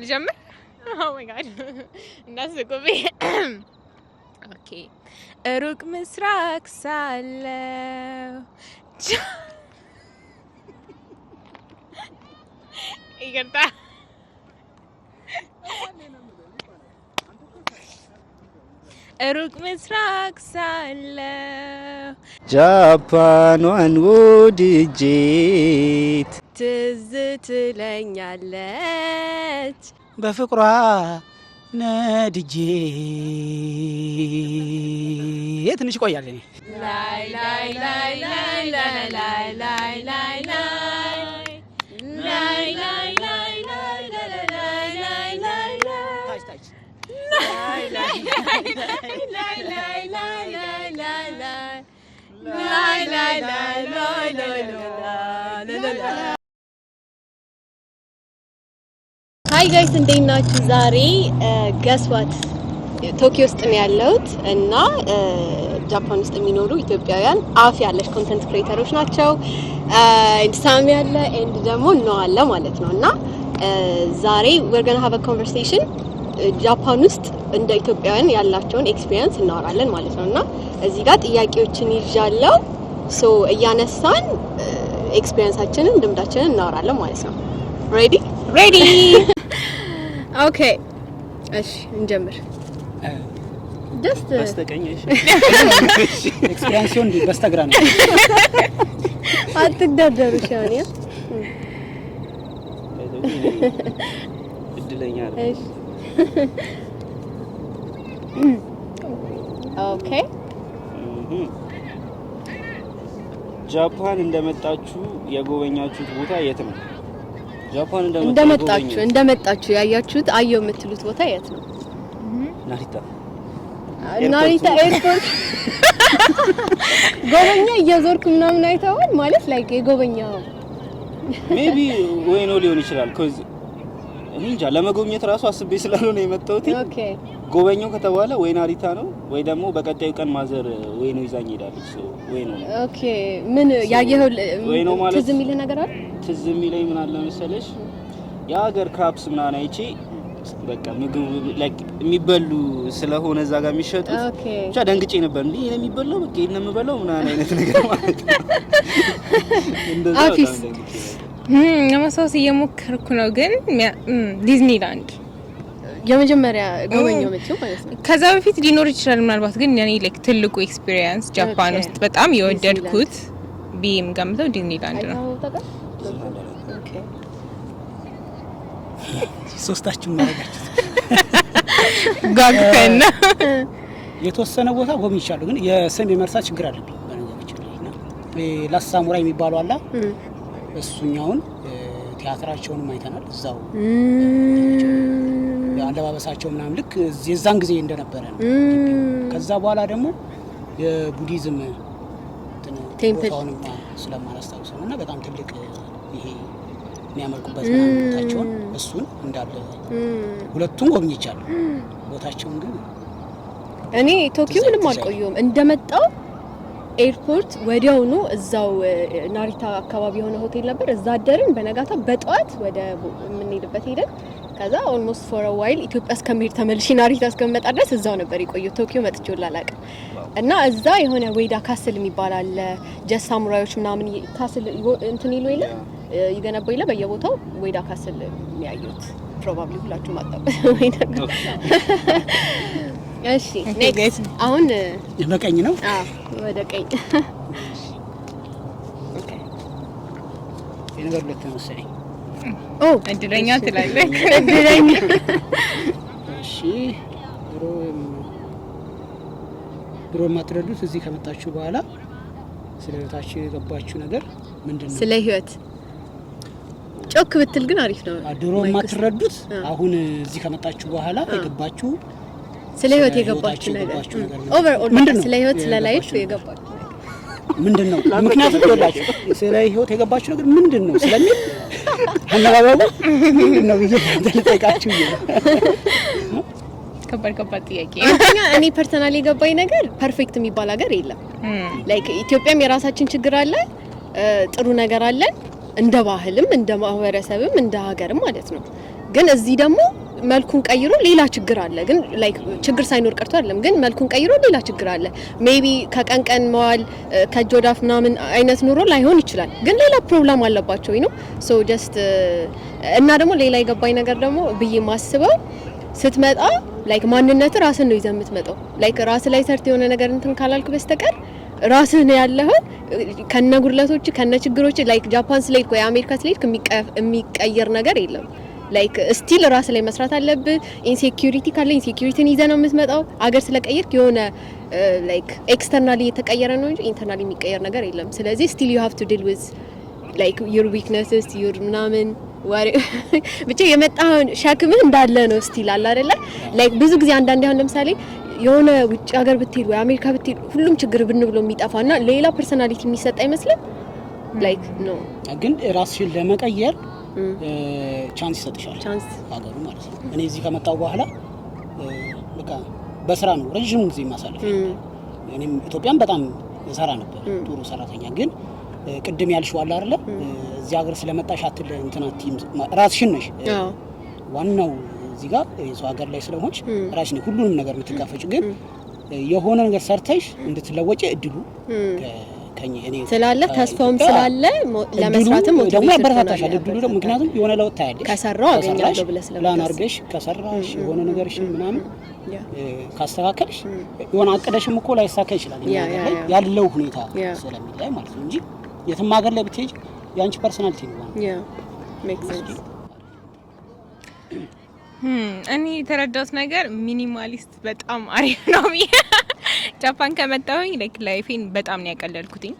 نجمع اوه ماي جاد الناس كوبي اوكي اروك مسراك سالو y cantar. ሩቅ ምስራቅ ሳለሁ ጃፓኗን ወድጄት ትዝ ትለኛለች በፍቅሯ ነድጄ ትንሽ ቆያለኝ ላይ ላይ ላይ ላይ ላይ ላይ ሀይ ጋይስ እንዴት ናችሁ? ዛሬ ገስዋት uh, ቶኪዮ ውስጥ ነው ያለሁት እና uh, ጃፓን ውስጥ የሚኖሩ ኢትዮጵያውያን አፍ ያለች ኮንተንት ክሬተሮች ናቸው። ሳሚ uh, ያለ ኤንድ ደግሞ ነው አለ ማለት ነው እና ዛሬ ወርገና ሀበ ኮንቨርሴሽን ጃፓን ውስጥ እንደ ኢትዮጵያውያን ያላቸውን ኤክስፒሪየንስ እናወራለን ማለት ነው እና እዚህ ጋር ጥያቄዎችን ይዣለው ሶ እያነሳን ኤክስፒሪንሳችንን uh, ልምዳችንን እናወራለን ማለት ነው። ሬዲ ሬዲ? ኦኬ እሺ እንጀምር። uh, በስተቀኝ እድለኛ ኦኬ። ጃፓን mm-hmm. እንደመጣችሁ የጎበኛችሁት ቦታ የት ነው? ጃፓን እንደመጣችሁ እንደመጣችሁ ያያችሁት አየው የምትሉት ቦታ የት ነው? ናሪታ ናሪታ ኤርፖርት ጎበኛ እየዞርክ ምናምን አይተዋል ማለት ላይ የጎበኛ ሜቢ ወይ ሊሆን ይችላል ኮዝ እኔ እንጃ ለመጎብኘት ራሱ አስቤ ስላልሆነ የመጣሁት ጎበኘው ከተባለ ወይ ናሪታ ነው ወይ ደግሞ በቀጣዩ ቀን ማዘር ወይ ነው ይዛኝ ሄዳለች። ወይ ነው ኦኬ። ምን ያየኸው ትዝ የሚልህ ነገር አለ? ትዝ የሚለኝ ምን አለ መሰለሽ የሀገር ክራፕስ ምናምን አይቼ በቃ ምግብ ላይክ የሚበሉ ስለሆነ እዛ ጋር የሚሸጡት ብቻ ደንግጬ ነበር። እንዴ ይሄን የሚበላው በቃ ይሄን የምበላው ምናምን አይነት ነገር ማለት ነው። እንደዛ ለማስታወስ እየሞከርኩ ነው፣ ግን ዲዝኒላንድ የመጀመሪያ ጎበኘው መቼው ማለት ነው። ከዛ በፊት ሊኖር ይችላል ምናልባት፣ ግን ያኔ ላይክ ትልቁ ኤክስፒሪየንስ ጃፓን ውስጥ በጣም የወደድኩት ቢም ገምተው ዲዝኒላንድ ነው። ሶስታችሁ ማረጋችሁ ጓግተን የተወሰነ ቦታ ጎብኝቻለሁ፣ ግን የስም የመርሳት ችግር አለብኝ በነገሮች የሚባለው አላ እሱኛውን ቲያትራቸውንም አይተናል። እዛው አለባበሳቸው ምናምን ልክ የዛን ጊዜ እንደነበረ ነው። ከዛ በኋላ ደግሞ የቡዲዝም ቴምፕል ስለማላስታውሰው እና በጣም ትልቅ ይሄ የሚያመልኩበት ምናምን ቦታቸውን እሱን እንዳለ ሁለቱም ጎብኝቻለሁ። ቦታቸውን ግን እኔ ቶኪዮ ምንም አልቆየሁም እንደመጣው ኤርፖርት ወዲያውኑ እዛው ናሪታ አካባቢ የሆነ ሆቴል ነበር። እዛ አደርን። በነጋታ በጠዋት ወደ የምንሄድበት ሄደን ከዛ ኦልሞስት ፎር ዋይል ኢትዮጵያ እስከምሄድ ተመልሼ ናሪታ እስከመጣ ድረስ እዛው ነበር የቆየው። ቶኪዮ መጥቼ አላውቅም። እና እዛ የሆነ ዌዳ ካስል የሚባል አለ። ጀስ ሳሙራዮች ምናምን ካስል እንትን ይሉ የለ ይገነባው የለ በየቦታው ዌዳ ካስል የሚያዩት ፕሮባብሊ ሁላችሁ ማጣ ወይ ነገር እሺ ኔክስት አሁን በቀኝ ነው። አዎ ወደ ቀኝ ኦኬ። የነገር ሁለት መሰለኝ። ኦ እድለኛ ትላለህ። እድለኛ እሺ። ድሮ ድሮ የማትረዱት እዚህ ከመጣችሁ በኋላ ስለ ህይወታችሁ የገባችሁ ነገር ምንድን ነው? ስለ ህይወት ጮክ ብትል ግን አሪፍ ነው። ድሮ የማትረዱት አሁን እዚህ ከመጣችሁ በኋላ የገባችሁ ስለ ህይወት የገባችሁ ነገር ኦቨርኦል ስለ ህይወት ስለ ላይፍ የገባችሁ ነገር ምንድን ነው? ምክንያቱም ይወላችሁ ስለ ህይወት የገባችሁ ነገር ምንድን ነው ስለሚል አነባበቡ ምንድን ነው ብዬ ልጠይቃችሁ። ከባድ ከባድ ጥያቄ። አንደኛ እኔ ፐርሰናል የገባኝ ነገር ፐርፌክት የሚባል ሀገር የለም። ላይክ ኢትዮጵያም የራሳችን ችግር አለ፣ ጥሩ ነገር አለን፣ እንደ ባህልም እንደ ማህበረሰብም እንደ ሀገርም ማለት ነው። ግን እዚህ ደግሞ መልኩን ቀይሮ ሌላ ችግር አለ። ግን ላይክ ችግር ሳይኖር ቀርቶ አይደለም፣ ግን መልኩን ቀይሮ ሌላ ችግር አለ። ሜቢ ከቀን ቀን መዋል ከእጅ ወዳፍ ምናምን አይነት ኑሮ ላይሆን ይችላል፣ ግን ሌላ ፕሮብላም አለባቸው ነው ሶ ጀስት እና ደግሞ ሌላ የገባኝ ነገር ደግሞ ብዬ ማስበው ስትመጣ ላይክ ማንነት ራስን ነው ይዘህ የምትመጣው። ላይክ ራስ ላይ ሰርት የሆነ ነገር እንትን ካላልኩ በስተቀር ራስህ ነው ያለህ ከነ ጉድለቶች ከነ ችግሮች ላይክ ጃፓን ስለሄድክ ወይ አሜሪካ ስለሄድክ የሚቀየር ነገር የለም። ላይክ ስቲል ራስ ላይ መስራት አለብህ። ኢንሴኩሪቲ ካለ ኢንሴኩሪቲን ይዘህ ነው የምትመጣው። አገር ስለቀየርክ የሆነ ላይክ uh, ኤክስተርናሊ የተቀየረ ነው እንጂ ኢንተርናሊ የሚቀየር ነገር የለም። ስለዚህ ስቲል ዩ ሃቭ ቱ ዲል ዊዝ ላይክ ዩር ዊክነስስ ዩር ምናምን ወሬ ብቻ የመጣውን ሸክምህ እንዳለ ነው ስቲል አለ አይደለ ላይክ ብዙ ጊዜ አንዳንድ አሁን ለምሳሌ የሆነ ውጭ ሀገር ብትሄድ ወይ አሜሪካ ብትሄድ ሁሉም ችግር ብን ብሎ የሚጠፋና ሌላ ፐርሶናሊቲ የሚሰጥ አይመስልም። ላይክ ነው ግን ራስሽን ለመቀየር ቻንስ ይሰጥሻል፣ ሀገሩ ማለት ነው። እኔ እዚህ ከመጣሁ በኋላ በቃ በስራ ነው ረዥም ጊዜ ማሳለፍ። እኔም ኢትዮጵያን በጣም ሰራ ነበር፣ ጥሩ ሰራተኛ። ግን ቅድም ያልሽው አለ አይደለ፣ እዚህ ሀገር ስለመጣሽ አትል እንትና ቲም ራስሽን ነሽ ዋናው እዚህ ጋር የሰው ሀገር ላይ ስለሆንሽ ራስሽ ሁሉንም ነገር የምትጋፈጭ ግን የሆነ ነገር ሰርተሽ እንድትለወጪ እድሉ አለካኝ እኔ ስላለ ተስፋውም ስላለ ለመስራትም ደግሞ ያበረታታሻል። እድሉ ደግሞ ምክንያቱም የሆነ ለውጥ ታያለሽ። ከሰራው አገኛለሁ ብለሽ ፕላን አድርገሽ ከሰራሽ የሆነ ነገርሽን ምናምን ካስተካከልሽ የሆነ አቅደሽም እኮ ላይሳካ ይችላል። ያለው ሁኔታ ስለሚላይ ማለት ነው እንጂ የትም ሀገር ላይ ብትሄጂ የአንቺ ፐርሰናሊቲ ነው። እኔ የተረዳሁት ነገር ሚኒማሊስት በጣም አሪፍ ነው ብዬ ጃፓን ከመጣሁኝ ላይክ ላይፌን በጣም ነው ያቀለልኩትኝ።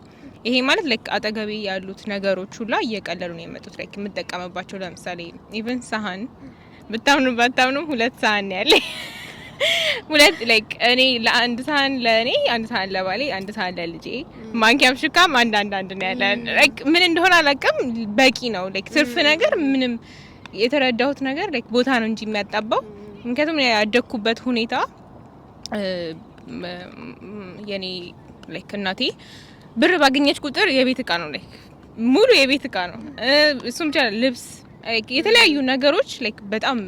ይሄ ማለት ላይክ አጠገቤ ያሉት ነገሮች ሁላ እየቀለሉ ነው የመጡት። ላይክ የምጠቀምባቸው ለምሳሌ ኢቨን ሳህን ብታምኑ ባታምኑም ሁለት ሳህን ያለ ሁለት ላይክ እኔ ለአንድ ሳህን ለእኔ አንድ ሳህን ለባሌ አንድ ሳህን ለልጄ ማንኪያም ሽካም አንድ አንድ አንድ ነው ያለን። ላይክ ምን እንደሆነ አላውቅም። በቂ ነው ላይክ ትርፍ ነገር ምንም የተረዳሁት ነገር ላይክ ቦታ ነው እንጂ የሚያጣባው ምክንያቱም ያደግኩበት ሁኔታ የኔ ላይክ እናቴ ብር ባገኘች ቁጥር የቤት እቃ ነው ላይክ ሙሉ የቤት እቃ ነው። እሱም ብቻ ልብስ፣ የተለያዩ ነገሮች ላይክ በጣም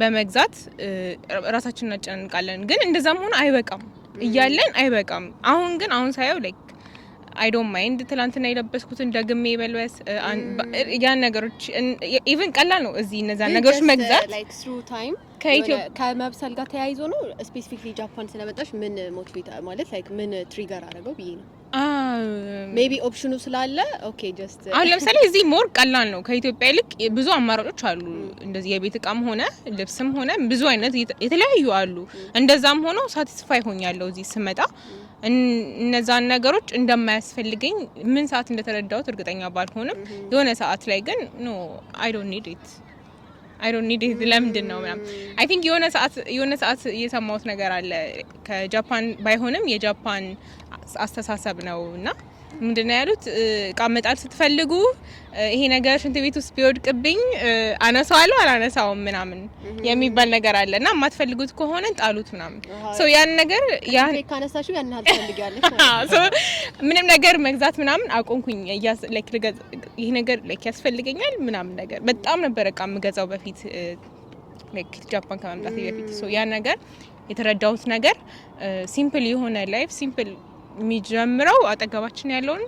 በመግዛት ራሳችን እናጨናንቃለን። ግን እንደዛም ሆነ አይበቃም እያለን አይበቃም። አሁን ግን አሁን ሳየው ላይክ አይ ዶንት ማይንድ ትላንትና የለበስኩትን ደግሜ መልበስ ያን ነገሮች ኢቨን ቀላል ነው። እዚህ እነዛን ነገሮች መግዛት ከመብሰል ጋር ተያይዞ ነው። ስፔሲፊክሊ ጃፓን ስለመጣሽ ምን ሞቲቬት ማለት ላይክ ምን ትሪገር አደረገው ብዬ ነው። ቢ ኦፕሽኑ ስላለ ኦኬ ጀስት አሁን ለምሳሌ እዚህ ሞር ቀላል ነው። ከኢትዮጵያ ይልቅ ብዙ አማራጮች አሉ። እንደዚህ የቤት እቃም ሆነ ልብስም ሆነ ብዙ አይነት የተለያዩ አሉ። እንደዛም ሆኖ ሳቲስፋይ ሆኛለሁ እዚህ ስመጣ እነዛን ነገሮች እንደማያስፈልገኝ ምን ሰዓት እንደተረዳሁት እርግጠኛ ባልሆንም የሆነ ሰዓት ላይ ግን ኖ አይ ዶንት ኒድ ኢት አይ ዶንት ኒድ ኢት ለምንድን ነው ምናምን አይ ቲንክ የሆነ ሰዓት የሆነ ሰዓት ነገር አለ ከጃፓን ባይሆንም የጃፓን አስተሳሰብ ነው እና ምንድነው ያሉት? እቃ መጣል ስትፈልጉ ይሄ ነገር ሽንት ቤት ውስጥ ቢወድቅብኝ አነሳዋለሁ አላነሳውም ምናምን የሚባል ነገር አለ እና የማትፈልጉት ከሆነ ጣሉት ምናምን ሰው ያን ነገር ምንም ነገር መግዛት ምናምን አቆንኩኝ። ይሄ ነገር ያስፈልገኛል ምናምን ነገር በጣም ነበር እቃ የምገዛው በፊት ጃፓን ከመምጣት በፊት ያን ነገር የተረዳሁት ነገር ሲምፕል የሆነ ላይፍ ሲምፕል የሚጀምረው አጠገባችን ያለውን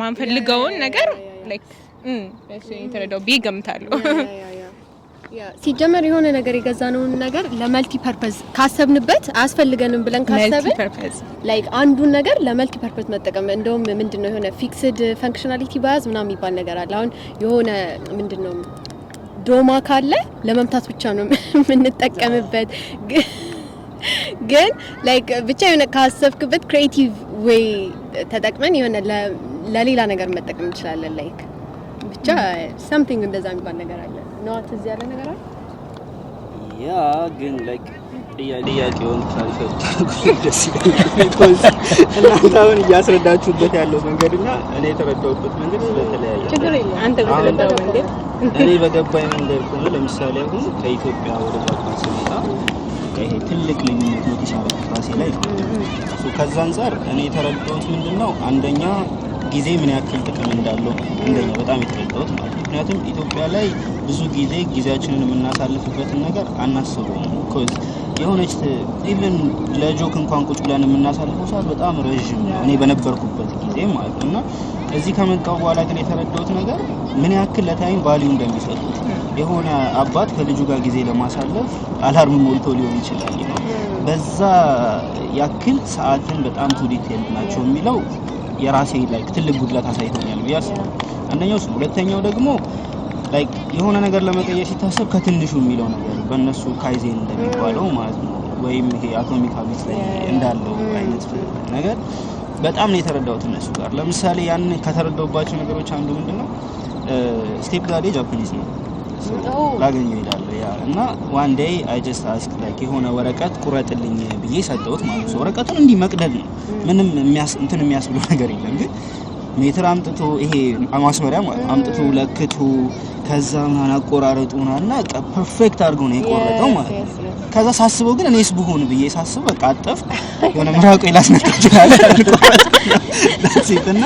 ማንፈልገውን ነገር ተረዳው የተረዳው ብዬ ሲጀመር የሆነ ነገር የገዛነውን ነገር ለመልቲ ፐርፐዝ ካሰብንበት አያስፈልገንም ብለን ካሰብን ላይክ አንዱን ነገር ለመልቲ ፐርፐዝ መጠቀም እንደውም ምንድን ነው የሆነ ፊክስድ ፈንክሽናሊቲ ባያዝ ምናምን የሚባል ነገር አለ። አሁን የሆነ ምንድን ነው ዶማ ካለ ለመምታት ብቻ ነው የምንጠቀምበት ግን ላይክ ብቻ የሆነ ካሰብክበት ክሬቲቭ ዌይ ተጠቅመን የሆነ ለሌላ ነገር መጠቀም እንችላለን። ላይክ ብቻ ሰምቲንግ እንደዛ የሚባል ነገር አለ ነዋት እዚህ ያለ ነገር አለ ያ ግን ላይክ ጥያቄውን ደስ ይለኛል። እናንተ አሁን እያስረዳችሁበት ያለው መንገድ እና እኔ የተረዳሁበት መንገድ ስለተለያየ እኔ በገባኝ መንገድ ከሆነ ለምሳሌ አሁን ከኢትዮጵያ ወደ ጃፓን ስመጣ በቃ ይሄ ትልቅ ልዩነት ነው የተሻረኩት ራሴ ላይ ከዛ አንጻር እኔ የተረዳሁት ምንድን ነው አንደኛ ጊዜ ምን ያክል ጥቅም እንዳለው አንደኛ በጣም የተረዳሁት ማለት ምክንያቱም ኢትዮጵያ ላይ ብዙ ጊዜ ጊዜያችንን የምናሳልፍበትን ነገር አናስበውም። የሆነች ኢቭን ለጆክ እንኳን ቁጭ ብለን የምናሳልፈው ሰዓት በጣም ረዥም ነው፣ እኔ በነበርኩበት ጊዜ ማለት ነው። እና እዚህ ከመጣሁ በኋላ ግን የተረዳሁት ነገር ምን ያክል ለታይም ቫሊዩ እንደሚሰጡት የሆነ አባት ከልጁ ጋር ጊዜ ለማሳለፍ አላርም ሞልቶ ሊሆን ይችላል በዛ ያክል ሰዓትን በጣም ቱ ዲቴል ናቸው የሚለው የራሴ ላይ ትልቅ ጉድለት አሳይቶኛል ብዬ አስባለሁ። አንደኛው እሱ፣ ሁለተኛው ደግሞ ላይክ የሆነ ነገር ለመቀየር ሲታሰብ ከትንሹ የሚለው ነገር በእነሱ ካይዜን እንደሚባለው ማለት ነው ወይም ይሄ አቶሚክ ሀቢት ላይ እንዳለው አይነት ነገር በጣም ነው የተረዳሁት እነሱ ጋር። ለምሳሌ ያን ከተረዳሁባቸው ነገሮች አንዱ ምንድን ነው ስቴፕ ዳዴ ጃፓኒዝ ነው ላገኘው ይላል ያ እና ዋን ዴይ አይ ጀስት አስክ ላይክ የሆነ ወረቀት ቁረጥልኝ ብዬ ሰጠሁት ማለት ነው። ወረቀቱን እንዲህ መቅደድ ነው ምንም የሚያስ እንትን የሚያስብለው ነገር የለም። ግን ሜትር አምጥቶ ይሄ ማስመሪያ አምጥቶ ለክቱ ከዛ ምናምን አቆራረጡ ምናምን እና ፐርፌክት አድርጎ ነው የቆረጠው ማለት ነው። ከዛ ሳስበው ግን እኔስ ብሆን ብዬ ሳስበው በቃ አጠፍ የሆነ ምራቆ ላስነካ ይችላል እና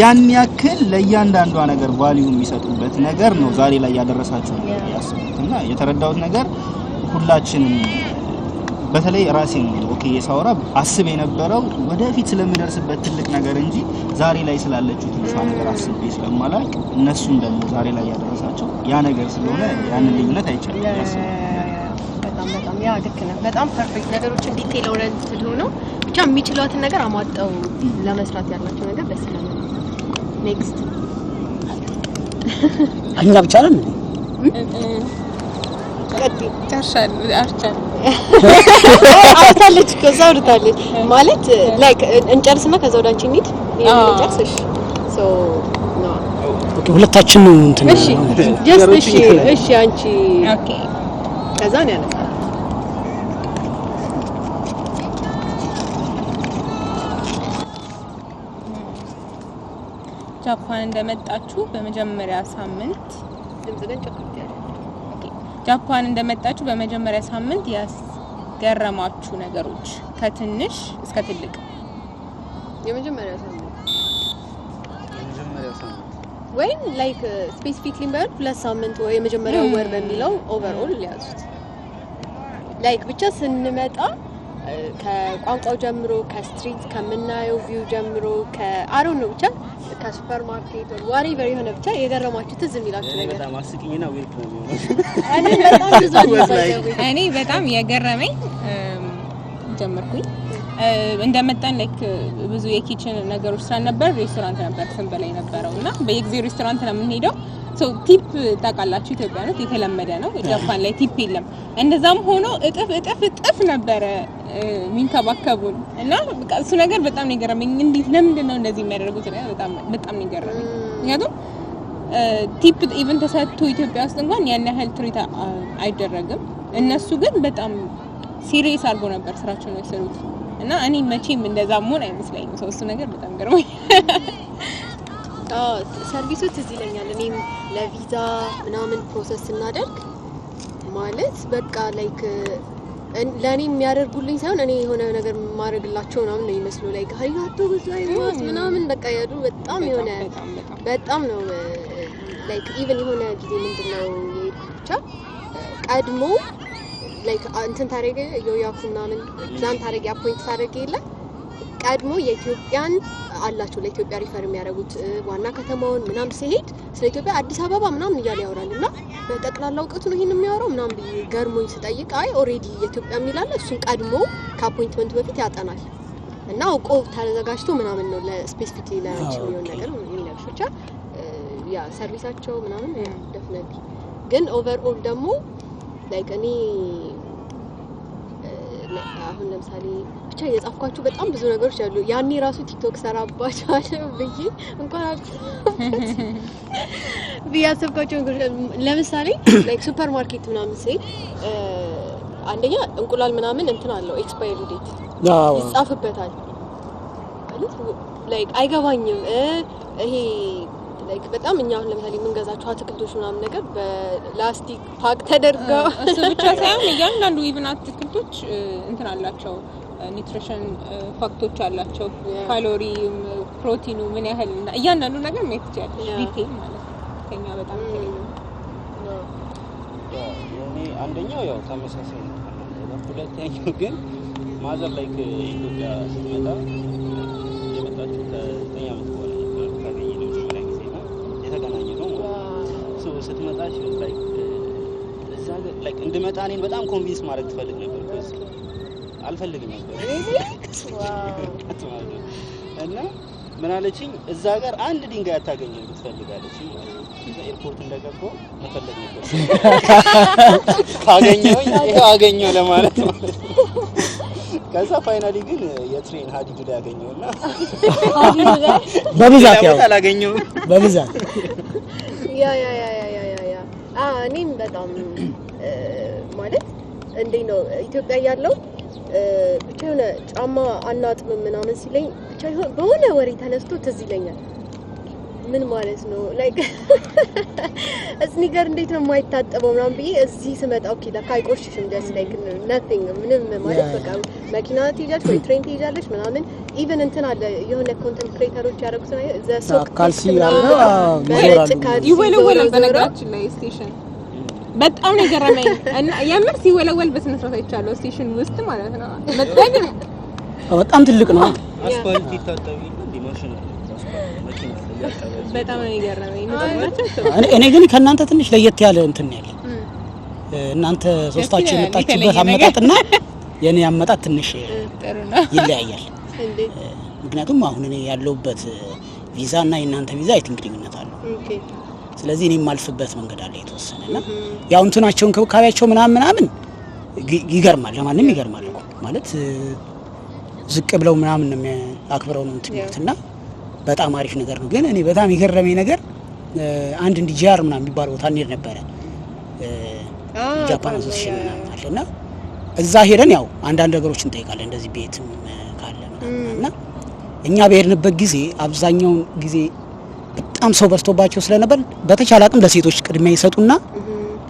ያን ያክል ለእያንዳንዷ ነገር ቫልዩ የሚሰጡበት ነገር ነው ዛሬ ላይ ያደረሳቸው ነገር ያስቡት እና የተረዳሁት ነገር ሁላችንም በተለይ ራሴን ኦኬ የሳወራ አስብ የነበረው ወደፊት ስለምደርስበት ትልቅ ነገር እንጂ ዛሬ ላይ ስላለችው ትንሿ ነገር አስቤ ስለማላቅ እነሱም ደግሞ ዛሬ ላይ ያደረሳቸው ያ ነገር ስለሆነ ያንን ልዩነት አይቻልም። በጣም በጣም ያ ልክ ነው። በጣም ፐርፌክት ነገሮችን ዲቴል ሆነን ስለሆነ ብቻ የሚችሏትን ነገር አሟጠው ለመስራት ያላቸው ነገር ደስ ይላል። ኔክስት እኛ ብቻ ነን አውርታለች ከዛ አውርታለች ማለት ላይክ እንጨርስና ከዛ ወደ አንቺ እንሂድ እንጨርስሽ ሁለታችን ነው እንትን እሺ ጀስት እሺ እሺ አንቺ ኦኬ ከዛ ነው ያነሳ ጃፓን እንደመጣችሁ በመጀመሪያ ሳምንት ድምጽ ጃፓን እንደመጣችሁ በመጀመሪያ ሳምንት ያስገረማችሁ ነገሮች ከትንሽ እስከ ትልቅ። የመጀመሪያ ሳምንት ወይም ላይክ ስፔሲፊክሊ ባይሆን ሁለት ሳምንት ወይ የመጀመሪያው ወር በሚለው ኦቨርኦል ሊያዙት ላይክ ብቻ ስንመጣ ከቋንቋው ጀምሮ ከስትሪት ከምናየው ቪው ጀምሮ ከአሮን ነው ብቻ ከሱፐር ማርኬት ዋሪ በር የሆነ ብቻ የገረማችሁ ትዝ የሚላችሁ ነገር በጣም አስቂኝና ነው እኔ በጣም የገረመኝ ጀመርኩኝ እንደመጣን ላይክ ብዙ የኪችን ነገሮች ስላልነበር ሬስቶራንት ነበር ስንበላ የነበረው እና በየጊዜው ሬስቶራንት ነው የምንሄደው ቲፕ ታውቃላችሁ፣ ኢትዮጵያ ነው የተለመደ ነው። ጃፓን ላይ ቲፕ የለም። እንደዛም ሆኖ እጥፍ እጥፍ እጥፍ ነበረ የሚንከባከቡን እና በቃ እሱ ነገር በጣም ነው የገረመኝ። እንዴት ለምንድን ነው እንደዚህ የሚያደርጉት? በጣም በጣም ነው የገረመኝ። ምክንያቱም ቲፕ ኢቭን ተሰጥቶ ኢትዮጵያ ውስጥ እንኳን ያን ያህል ትሪት አይደረግም። እነሱ ግን በጣም ሲሪየስ አድርጎ ነበር ስራቸውን የሰሩት እና እኔ መቼም እንደዛ መሆን አይመስለኝም። ሰው እሱ ነገር በጣም ገርሞኝ ሰርቪሱ ትዝ ይለኛል። እኔም ለቪዛ ምናምን ፕሮሰስ ስናደርግ ማለት በቃ ላይክ ለእኔ የሚያደርጉልኝ ሳይሆን እኔ የሆነ ነገር ማድረግላቸው ምናምን ነው ይመስሉ ላይ ሀያቶ ጉዛይት ምናምን በቃ ያሉ በጣም የሆነ በጣም ነው ላይክ ኢቨን የሆነ ጊዜ ምንድን ነው የሄድኩት ብቻ ቀድሞ ላይክ እንትን ታደረገ የውያኩ ምናምን ፕላን ታደረገ አፖይንት ታደረገ የለ ቀድሞ የኢትዮጵያን አላቸው ለኢትዮጵያ ሪፈር የሚያደርጉት ዋና ከተማውን ምናምን ሲሄድ ስለ ኢትዮጵያ አዲስ አበባ ምናምን እያለ ያወራል እና በጠቅላላ እውቀቱ ነው ይህን የሚያወራው ምናምን ብዬ ገርሞኝ ስጠይቅ አይ ኦሬዲ የኢትዮጵያ የሚላለ እሱን ቀድሞ ከአፖይንትመንቱ በፊት ያጠናል እና አውቆ ተዘጋጅቶ ምናምን ነው ለስፔሲፊክ ለችው የሚሆን ነገር ብቻ ያ ሰርቪሳቸው ምናምን ደፍነት ግን ኦቨርኦል ደግሞ ላይክ እኔ አሁን ለምሳሌ ብቻ የጻፍኳቸው በጣም ብዙ ነገሮች አሉ። ያኔ ራሱ ቲክቶክ ሰራባቸዋለሁ ብዬ እንኳን ብዬ አሰብኳቸው ነገሮች ለምሳሌ ሱፐር ማርኬት ምናምን ስሄድ አንደኛ እንቁላል ምናምን እንትን አለው ኤክስፓየሪ ዴት ይጻፍበታል። አይገባኝም ይሄ ላይክ በጣም እኛ አሁን ለምሳሌ የምንገዛቸው አትክልቶች ምናምን ነገር በላስቲክ ፓክ ተደርገው እሱ ብቻ ሳይሆን እያንዳንዱ ኢቭን አትክልቶች እንትን አላቸው ኒትሪሽን ፋክቶች አላቸው። ካሎሪ፣ ፕሮቲኑ ምን ያህል እና እያንዳንዱ ነገር ማየት ይችላል። ዲቴል ማለት ነው። ከኛ በጣም mm. እኔ አንደኛው ያው ተመሳሳይ ነው። ሁለተኛው ግን ማዘር ላይክ ኢትዮጵያ ስትመጣ እንድመጣ እኔን በጣም ኮንቪንስ ማድረግ ትፈልግ ነበር። ከዚህ አልፈልግም ነበር እና ምን አለችኝ፣ እዛ ጋር አንድ ድንጋይ አታገኝም ትፈልጋለች። ኤርፖርት እንደገባሁ መፈለግ ነበር ካገኘሁኝ ይኸው አገኘሁ ለማለት ነው። ከዛ ፋይናሊ ግን የትሬን ሀዲዱ ላይ አገኘሁና በብዛት ያው አላገኘሁም በብዛት ያ ያ ያ ያ ያ ያ እኔም በጣም ማለት እንዴ ነው ኢትዮጵያ ያለው ብቻ የሆነ ጫማ አናጥብም ምናምን ሲለኝ ብቻ በሆነ ወሬ ተነስቶ ትዝ ይለኛል። ምን ማለት ነው ላይክ እስኒከር እንዴት ነው የማይታጠበው ምናምን ብዬ እዚህ ስመጣ ኦኬ ለካ አይቆሽሽም። ደስ ላይክ ነቲንግ ምንም ማለት በቃ መኪና ትይዣለሽ ወይ ትሬን ትይዣለሽ ምናምን ኢቨን እንትን አለ የሆነ ኮንተንት ክሬተሮች ያደረጉት ዘ ሶክ ካልሲ ይወለወላል በነገራችን ላይ ስቴሽን በጣም ነው የገረመኝ። የምር ሲወለወል በስነ ስርዓት አይቻለሁ፣ ስቴሽን ውስጥ ማለት ነው። በጣም ነው በጣም ትልቅ ነው። አስፋልት ይታጠብ በጣም ነው የገረመኝ። እኔ ግን ከእናንተ ትንሽ ለየት ያለ እንትን ያለ እናንተ ሶስታችሁ የመጣችሁበት አመጣጥና የኔ አመጣጥ ትንሽ ይለያያል። ምክንያቱም አሁን እኔ ያለሁበት ቪዛ እና የእናንተ ቪዛ የትም ግንኙነት አለው ስለዚህ እኔ የማልፍበት መንገድ አለ የተወሰነ እና ያው እንትናቸው እንክብካቤያቸው ምናምን ምናምን ይገርማል፣ ለማንም ይገርማል እኮ ማለት ዝቅ ብለው ምናምን ነው አክብረው ነው እንትን ይሉት እና በጣም አሪፍ ነገር ነው። ግን እኔ በጣም የገረመኝ ነገር አንድ እንዲ ጂያር ምናምን የሚባል ቦታ እንሄድ ነበረ ጃፓን አሶሴሽን ምናምን አለ እና እዛ ሄደን ያው አንዳንድ ነገሮች እንጠይቃለን እንደዚህ ቤትም ካለ ምናምን እና እኛ በሄድንበት ጊዜ አብዛኛውን ጊዜ በጣም ሰው በዝቶባቸው ስለነበር በተቻለ አቅም ለሴቶች ቅድሚያ ይሰጡና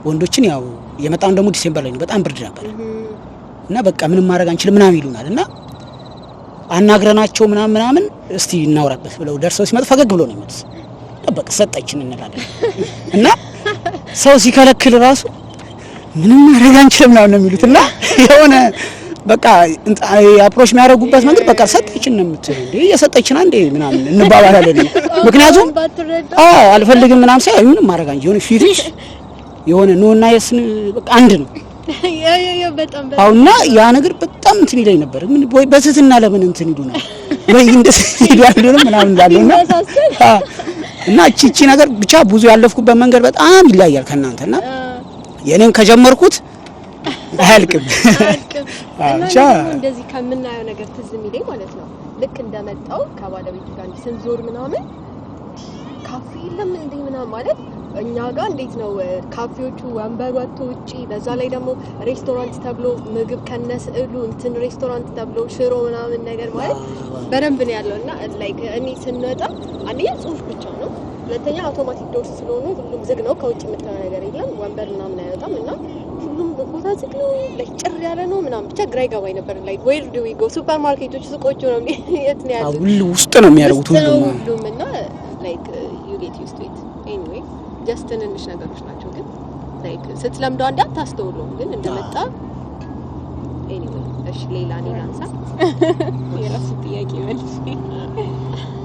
ወንዶችን ያው የመጣም ደግሞ ዲሴምበር ላይ ነው። በጣም ብርድ ነበር እና በቃ ምንም ማድረግ አንችልም ምናምን ይሉናል እና አናግረናቸው ምናምን ምናምን እስቲ እናውራበት ብለው ደርሰው ሲመጡ ፈገግ ብሎ ነው የሚመጡት። በቃ ሰጠችን እንላለን እና ሰው ሲከለክል ራሱ ምንም ማድረግ አንችልም ምናምን ነው የሚሉት እና የሆነ በቃ አፕሮች የሚያደርጉበት መንገድ በቃ ሰጠችን ነው የምትል እንዴ የሰጠችን አንዴ ምናምን እንባባል እንባባላለን። ምክንያቱም አልፈልግም ምናምን ሳይ ምንም ማድረግ አንጂ የሆነ ፊትሽ የሆነ ኖና የስን በቃ አንድ ነው አሁና ያ ነገር በጣም እንትን ይለኝ ነበር። ምን ወይ በትህትና ለምን እንትን ነው ወይ እንደዚህ ይላሉ ምናምን እንዳለና እና እቺ እቺ ነገር ብቻ ብዙ ያለፍኩበት መንገድ በጣም ይለያል ከእናንተና የኔን ከጀመርኩት አያልቅም። ብቻ እንደዚህ ከምናየው ነገር ትዝ የሚለኝ ማለት ነው ልክ እንደመጣው ከባለቤቱ ጋር ስንዞር ምናምን ካፌ የለም እንዴ ምናምን ማለት እኛ ጋር እንዴት ነው ካፌዎቹ ወንበር ወጥቶ ውጪ፣ በዛ ላይ ደግሞ ሬስቶራንት ተብሎ ምግብ ከነስዕሉ እንትን ሬስቶራንት ተብሎ ሽሮ ምናምን ነገር ማለት በደንብ ነው ያለው። እና ላይክ እኔ ስንወጣ አንደኛ ጽሁፍ ብቻ ነው፣ ሁለተኛ አውቶማቲክ ዶርስ ስለሆኑ ሁሉም ዝግ ነው። ከውጭ የምታየው ነገር የለም፣ ወንበር ምናምን አይወጣም እና ሁሉም ቦታ ዝግ ነው፣ ላይ ጭር ያለ ነው ምናምን። ብቻ ግራ ይገባኝ ነበር። ላይ ዌር ዱ ዊ ጎ ሱፐር ማርኬቶች፣ ሱቆቹ ነው የት ነው ያለው? ሁሉ ውስጥ ነው የሚያደርጉት ሁሉም እና ላይክ ዩ ጌት ዩስ ቱ ኢት ኤኒዌይ። ጀስት ትንንሽ ነገሮች ናቸው፣ ግን ላይክ ስትለምደው አታስተውለውም፣ ግን እንደመጣ ኤኒዌይ። እሺ ሌላ ሌላ አንሳ ጥያቄ መልስ